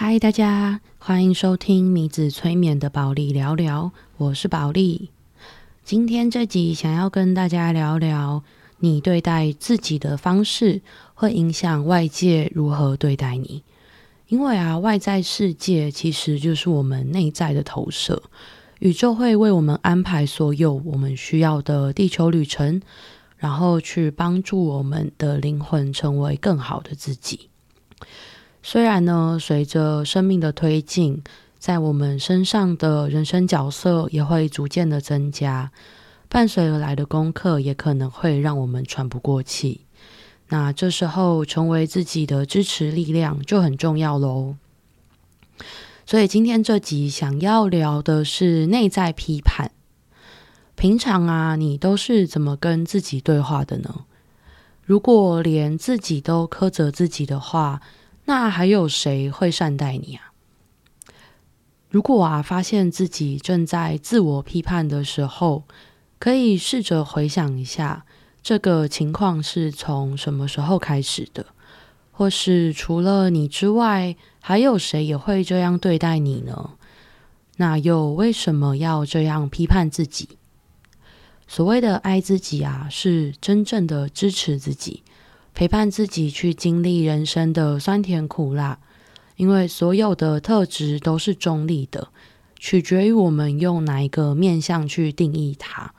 嗨，Hi, 大家歡迎收聽米子催眠的寶莉聊聊，我是寶莉。今天這集想要跟大家聊聊，你對待自己的方式會影響外界如何對待你。因為啊，外在世界其實就是我們內在的投射，宇宙會為我們安排所有我們需要的地球旅程，然後去幫助我們的靈魂成為更好的自己。雖然呢，隨着生命的推進，在我們身上的人生角色也會逐漸的增加，伴隨而來的功課也可能會讓我們喘不過氣。那這時候，成為自己的支持力量就很重要嘍。所以今天這集想要聊的是內在批判。平常啊，你都是怎麼跟自己對話的呢？如果連自己都苛責自己的話，那還有誰會善待你啊？如果啊，發現自己正在自我批判的時候，可以試着回想一下，這個情況是從什麼時候開始的？或是除了你之外，還有誰也會這樣對待你呢？那又為什麼要這樣批判自己？所謂的愛自己啊，是真正的支持自己。陪伴自己去經歷人生的酸甜苦辣，因為所有的特質都是中立的，取決於我們用哪一個面向去定義它。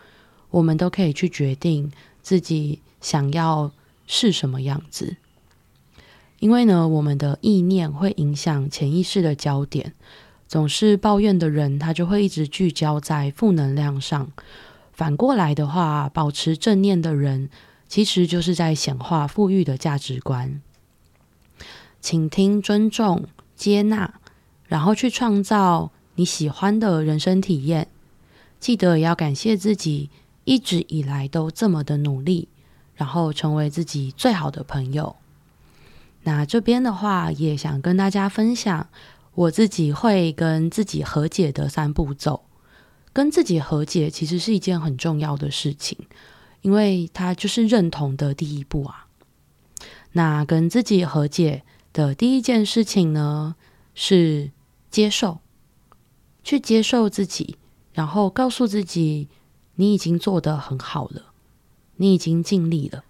我們都可以去決定自己想要是什麼樣子。因為呢，我們的意念會影響潛意識的焦點。總是抱怨的人，他就會一直聚焦在負能量上。反過來的話，保持正念的人。其實就是在顯化富裕的價值觀，傾聽、尊重、接納，然後去創造你喜歡的人生體驗。記得也要感謝自己一直以來都這麼的努力，然後成為自己最好的朋友。那這邊的話，也想跟大家分享我自己會跟自己和解的三步驟。跟自己和解其實是一件很重要的事情。因為他就是認同的第一步啊，那跟自己和解的第一件事情呢，是接受，去接受自己，然後告訴自己，你已經做得很好了，你已經盡力了，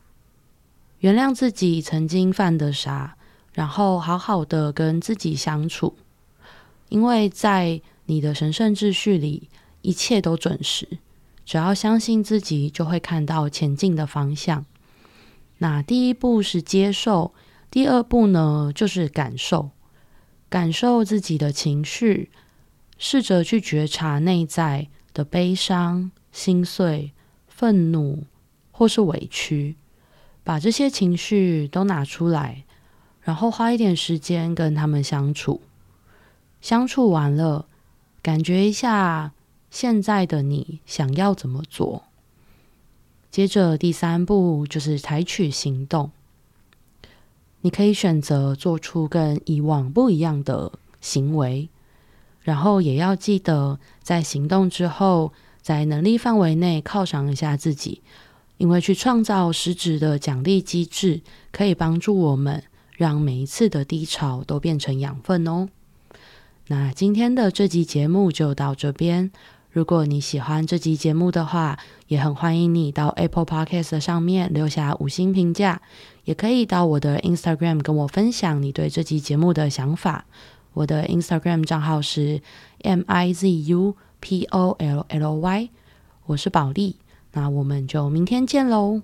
原諒自己曾經犯的傻，然後好好的跟自己相處，因為在你的神聖秩序裡，一切都準時。只要相信自己，就會看到前進的方向。那第一步是接受，第二步呢就是感受，感受自己的情緒，試着去覺察內在的悲傷、心碎、憤怒或是委屈，把這些情緒都拿出來，然後花一點時間跟他們相處。相處完了，感覺一下。現在的你想要怎麼做？接着第三步就是採取行動。你可以選擇做出跟以往不一樣的行為，然後也要記得在行動之後，在能力範圍內犒賞一下自己，因為去創造實質的獎勵機制，可以幫助我們讓每一次的低潮都變成養分哦。那今天的這集節目就到這邊。如果你喜歡這集節目的話，也很歡迎你到 Apple Podcast 上面留下五星評價，也可以到我的 Instagram 跟我分享你對這集節目的想法。我的 Instagram 賬號是 M I Z U P O L L Y，我是寶莉。那我們就明天見嘍！